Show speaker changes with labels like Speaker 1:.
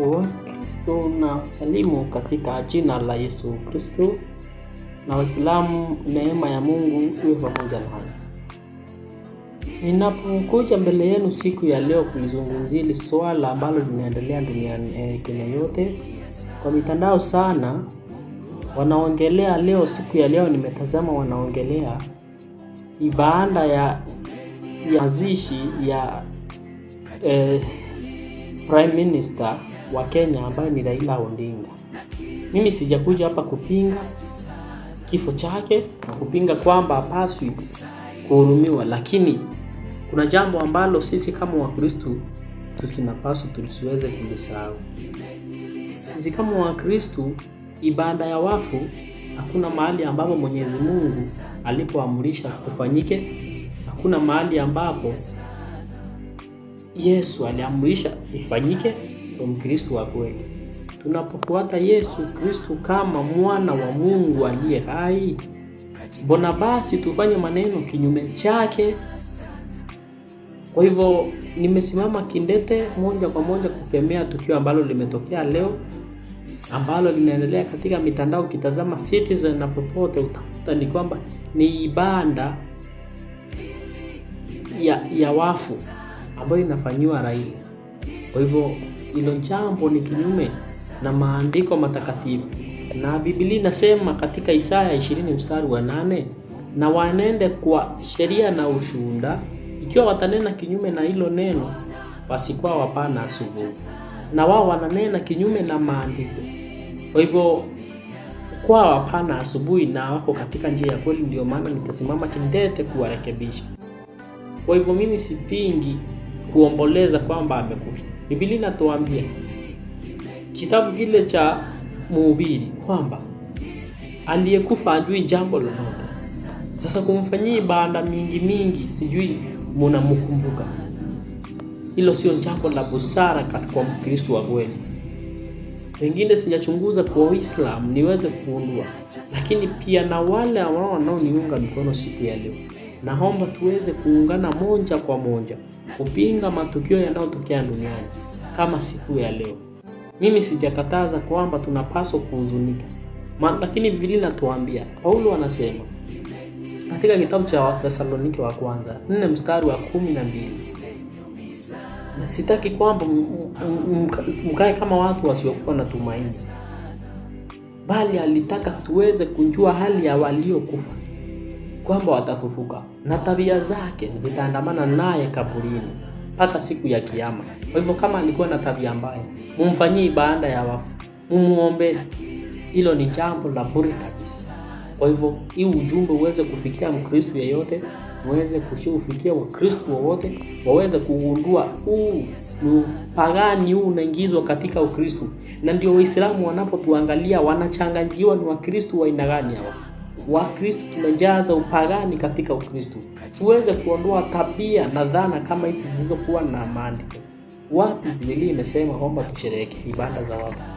Speaker 1: Wakristo na salimu katika jina la Yesu Kristo na Waislamu, neema ya Mungu iwe pamoja nanyi. Ninapokuja mbele yenu siku ya leo kulizungumzia swala ambalo linaendelea duniani Kenya eh, yote kwa mitandao sana, wanaongelea leo, siku ya leo nimetazama, wanaongelea ibada ya mazishi ya, ya eh, Prime Minister wa Kenya ambaye ni Raila Odinga. Mimi sijakuja hapa kupinga kifo chake na kupinga kwamba hapaswi kuhurumiwa, lakini kuna jambo ambalo sisi kama Wakristu tunapaswa tusiweze kulisahau. Sisi kama Wakristu, ibada ya wafu, hakuna mahali ambapo Mwenyezi Mungu alipoamrisha kufanyike. Hakuna mahali ambapo Yesu aliamrisha ifanyike ni Mkristo wa kweli. Tunapofuata Yesu Kristo kama mwana wa Mungu aliye hai, mbona basi tufanye maneno kinyume chake? Kwa hivyo nimesimama kindete moja kwa moja kukemea tukio ambalo limetokea leo ambalo linaendelea katika mitandao. Ukitazama Citizen na popote, utakuta ni kwamba ni ibada ya, ya wafu ambayo inafanyiwa raia. Kwa hivyo hilo jambo ni kinyume na maandiko matakatifu, na Biblia inasema katika Isaya 20 mstari wa nane, na wanende kwa sheria na ushuhuda, ikiwa watanena kinyume na hilo neno, basi kwao hapana subuhu. Na wao wananena kinyume na maandiko, kwa hivyo kwao hapana asubuhi, na wako katika njia ya kweli. Ndio maana nitasimama kindete kuwarekebisha. Kwa hivyo mimi sipingi kuomboleza kwamba amekufa. Biblia inatuambia kitabu kile cha Mhubiri kwamba aliyekufa ajui jambo lolote. Sasa kumfanyia ibada mingi mingi, sijui munamkumbuka, hilo sio jambo la busara kwa Mkristo wa kweli. Pengine sijachunguza kwa Uislamu niweze kuundua, lakini pia na wale ambao wanaoniunga mikono siku ya leo Naomba tuweze kuungana moja kwa moja kupinga matukio yanayotokea duniani kama siku ya leo. Mimi sijakataza kwamba tunapaswa kuhuzunika, lakini Biblia inatuambia, Paulo anasema katika kitabu cha Wathesalonike wa kwanza nne mstari wa kumi na mbili na sitaki kwamba mkae kama watu wasiokuwa na tumaini, bali alitaka tuweze kujua hali ya waliokufa kwamba watafufuka na tabia zake zitaandamana naye kaburini mpaka siku ya Kiyama. Kwa hivyo kama alikuwa na tabia mbaya, mumfanyie ibada ya wafu, mumuombe. Hilo ni jambo la bure kabisa. Kwa hivyo hii ujumbe uweze kufikia Mkristo yeyote, uweze kufikia Wakristo wowote, waweze kugundua huu ni upagani, huu unaingizwa katika Ukristo, na ndio Waislamu wanapotuangalia wanachanganyiwa, ni Wakristo wa aina gani hawa? wa Kristo tumejaza upagani katika Ukristo, tuweze kuondoa tabia na dhana kama hizi zilizokuwa na maandiko. Wapi Biblia imesema kwamba tusherehekee ibada za watu?